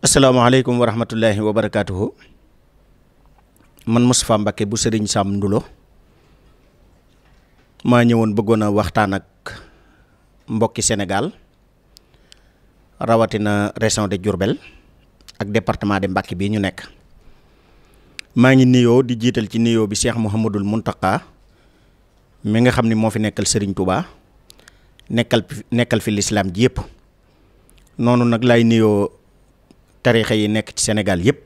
asalaamaaleykum wa rahmatullahi wa man Moustapha Mbacké bu sëriñ Sam Ndulo maa ñëwoon bëggoon a waxtaan ak mbokki Sénégal rawatina région de Diourbel ak département de Mbacké bii ñu nekk maa ngi nuyoo di jiital ci nuyoo bi Cheikh Mouhamadul Mountakha mi nga xam ni moo fi nekkal sëriñ Touba nekkal nekkal fi lislaam ji yëpp noonu nag laay nuyoo. tarixa yi nekk ci senegal yëpp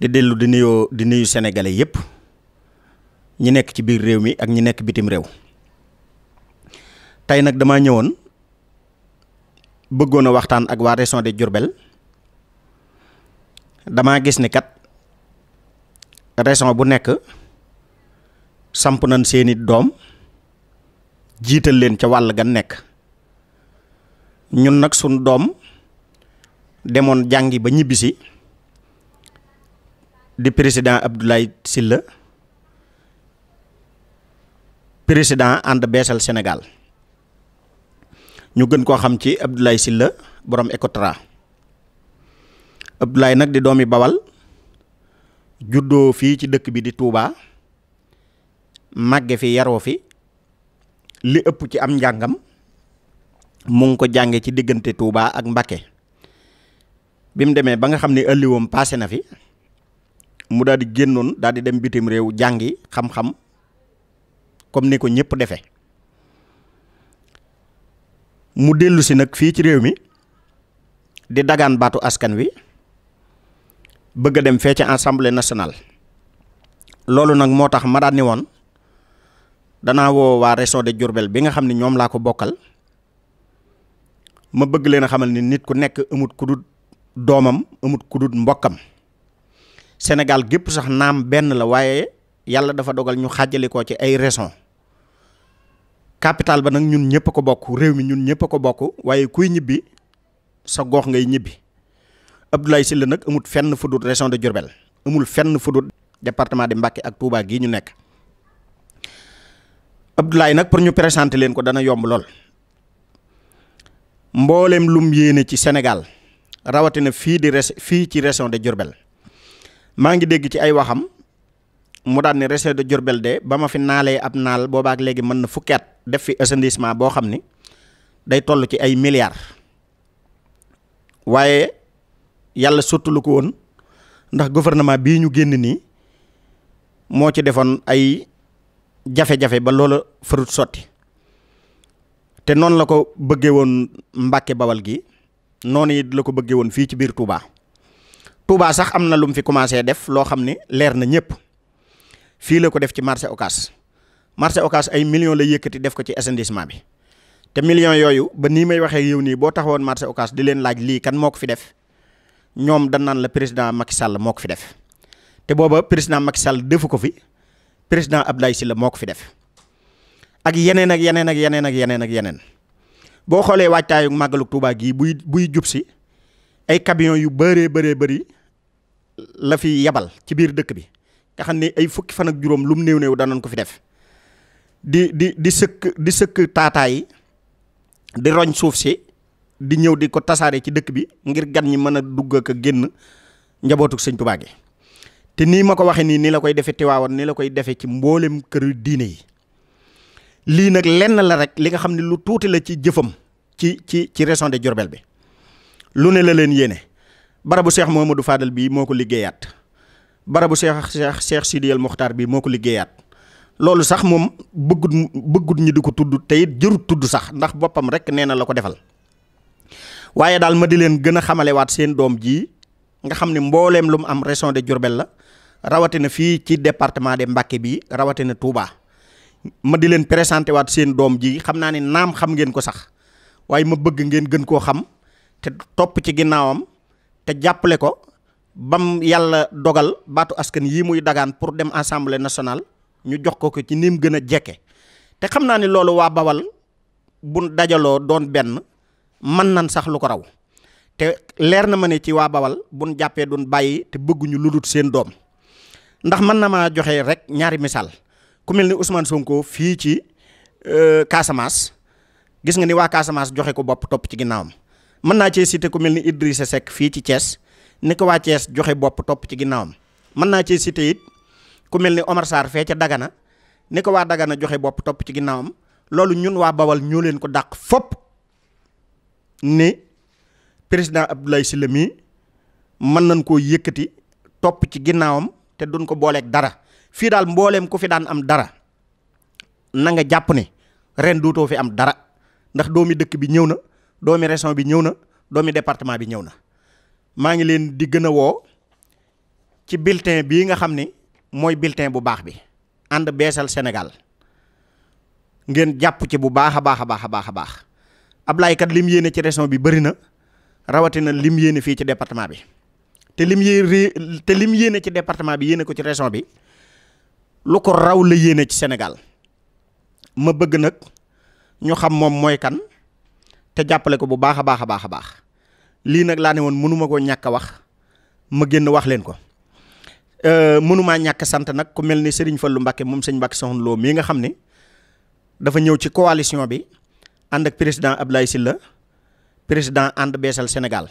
di dellu di nuyoo di nuyu sénégalais yëpp ñi nekk ci biir réew mi ak ñi nekk bitim réew tey nag damaa ñëwoon bëggoon a waxtaan ak waa région de Diourbel dama gis ni kat région bu nekk samp nañ seeni doom jiital leen ca wàll gan nekk ñun nag sunu doom demoon jàngi ba ñibbisi di président Abdoulaye Sylla président ànd beesal Sénégal ñu gën koo xam ci Abdoulaye Sylla boroom Ecotra Abdoulaye nag di doomi Bawal juddoo fii ci dëkk bi di Touba màgge fi yaroo fi li ëpp ci am njàngam mu ngi ko jànge ci diggante Touba ak Mbacké bi mu demee ba nga xam ne ëlliwoom passé na fi mu daal di génnoon daal di dem bitim réew jàngi xam-xam comme ni ko ñépp defe mu dellu si nag fii ci réew mi di dagaan baatu askan wi bëgg a dem fee ci assemblée nationale loolu nag moo tax ma daal ni woon danaa woo waa région de Diourbel bi nga xam ne ñoom laa ko bokkal ma bëgg leen a xamal ni nit ku nekk amut ku doomam amut kudut mbokkam Sénégal gépp sax naam benn la waaye yàlla dafa dogal ñu xaajale ko ci ay raison capital ba nag ñun ñëpp ko bokk réew mi ñun ñëpp a ko bokk waaye kuy ñibbi sa gox ngay ñibbi Abdoulaye Sylla nag amut fenn fu dut de Diourbel amul fenn fu dut département de Mbacké ak Touba gii ñu nekk Abdoulaye nag pour ñu présenter leen ko dana yomb lool mbooleem lum yéene ci Sénégal rawatina fii di res fii ci région de Diourbel maa ngi dégg ci ay waxam mu daan ne région de Diourbel de ba ma fi naalee ab naal boobaak léegi mën na fukki at def fi assainissement boo xam ni day toll ci ay milliards waaye yàlla sottalu ko woon ndax gouvernement bii ñu génn nii moo ci defoon ay jafe-jafe ba loola farut sotti te noonu la ko bëggee woon Mbàkke Bawal gi noonu it la ko bëggee woon fii ci biir Touba Touba sax am na lu mu fi commencé def loo xam ne leer na ñëpp fii la ko def ci marché Ocass marché Ocass ay millions la yëkkati def ko ci assainissement bi te millions yooyu ba nii may waxee yow nii boo taxawoon marché Ocass di leen laaj lii kan moo ko fi def ñoom dañ naan la président Macky Sall moo ko fi def te booba président Macky Sall defu ko fi président ab Abdoulaye Sylla moo ko fi def ak yeneen ak yeneen ak yeneen ak yeneen ak yeneen. boo xoolee waajtaayu màggalu Tuubaa gii buy buy jub si ay camion yu bëree bëree bari la fi yebal ci biir dëkk bi nga xam ne ay fukki fan ak juróom lu néew néew danañ ko fi def di di di sëkk di sëkk taataay yi di roñ suuf si di ñëw di ko tasaare ci dëkk bi ngir gan ñi mën a dugg ak génn njabootuk sëñ Tuubaa gi te nii ma ko waxee nii ni la koy defee Tiwaawan nii la koy defee ci mboolem kër diine yi lii nag lenn la rek li nga xam ne lu tuuti la ci jëfam ci ci ci région de Diourbel bi lu ne la leen yéene barabu seex Cheikh du faadal bii moo ko liggéeyaat barabu Cheikh Cheikh Cheikh Sidiyal Mokhtar bii moo ko liggéeyaat loolu sax moom bëggut bëggut ñi di ko tudd tey it tudd sax ndax boppam rek nee na la ko defal waaye daal ma di leen gën a xamalewaat seen doom jii nga xam ne mbooleem lu mu am région de Diourbel la rawatina fii ci département de Mbacké bi rawatina Touba. ma di leen présenté waat seen doom ji xam naa ne naam xam ngeen ko sax waaye ma bëgg ngeen gën koo xam te topp ci ginnaawam te jàppale ko bam yàlla dogal baatu askan yi muy dagaan pour dem assemblée nationale ñu jox ko ko ci niim mu gën a jekke te xam naa ne loolu waa Bawal bu dajaloo doon benn mën nan sax lu ko raw te leer na ma ne ci waa Bawal buñ jàppee duñ bàyyi te bëgguñu ludut seen doom ndax mën na maa joxe rek ñaari misaal ku mel ni Ousmane Sonko fii ci euh, Casamance gis nga ni waa Casamance joxe ko bopp topp ci ginnaawam mën naa cee cité ku mel ni Idrissa Seck fii ci Thiès ni ko waa Thiès joxe bopp topp ci ginnaawam mën naa cee cité ku mel ni Omar Sarr fee ca Dagana ni ko waa daggana joxe bopp topp ci ginnaawam loolu ñun waa Bawal ñoo leen ko dàq fopp ni président Abdoulaye Sylla mii mën nañ koo yëkkati topp ci ginnaawam te duñ ko booleeg dara. fii daal mbooleem ku fi daan am dara na nga jàpp ne ren duutoo fi am dara ndax doomi dëkk bi ñëw na doomi région bi ñëw na doomi département bi ñëw na maa ngi leen di gën a woo ci bulletin bii nga xam ne mooy bulletin bu baax bi ànd beesal Sénégal ngeen jàpp ci bu baax a baax a baax a baax a baax Ablaye kat lim yéene ci région bi bari na rawatina lim yéene fii ci département bi te lim yéene te lim yéene ci département bi yéene ko ci région bi lu ko raw la yéene ci senegal ma bëgg nag ñu xam moom mooy kan te jàppale ko bu baax a baax a baax a baax lii nag laa ne woon mënuma koo ñàkk a wax ma génn wax leen ko euh, mënumaa ñàkk sant nag ku mel ni Serigne lu Mbacké moom sëñ Mbacké Soxna loo mii nga xam ne dafa ñëw ci coalition bi ànd ak président Abdoulaye Sylla président ànd beesal Sénégal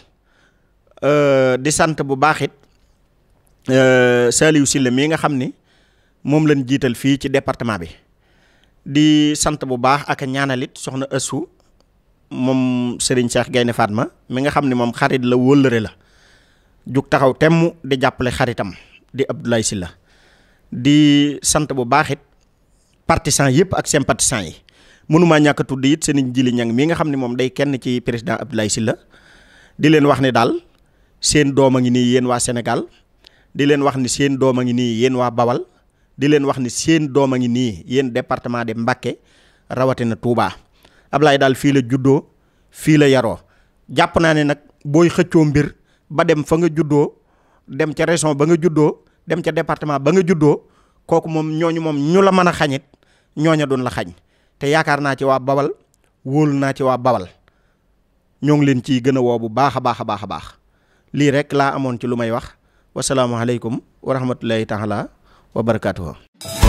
euh, di sant bu baax it euh, Saliou Sylla mii nga xam ni moom lañ jiital fii ci département bi di sant bu baax ak ñaanalit soxna Assou moom Serigne Cheikh Gaynde Fatma mi nga xam ni moom xarit la wóllëre la jug taxaw temm di jàppale xaritam di Abdoulaye Sylla di sant bu baax it partisans yëpp ak sympathisants yi mënumaa ñàkk a tudd it seen Jili Ñang mi nga xam ni moom day kenn ci président Abdoulaye Sylla di leen wax ne daal seen doom a ngi nii yéen waa senegal di leen wax ni seen doom a ngi nii yéen waa Bawal di leen wax ni seen doom a ngi nii yéen département de Mbacké rawatina ab lay daal fii la juddoo fii la yaroo jàpp naa ne nag booy xëccoo mbir ba dem fa nga juddoo dem ca région ba nga juddoo dem ca département ba nga juddoo kooku moom ñooñu moom ñu la mën a xañit ñooña doon la xañ te yaakaar naa ci waa babal wóol naa ci waa babal ñoo ngi leen ciy gën a woo bu baax a baax a baax a baax lii rek laa amoon ci lu may wax wasalaamualeykum wa rahmatullahi taala wa barakaatuhu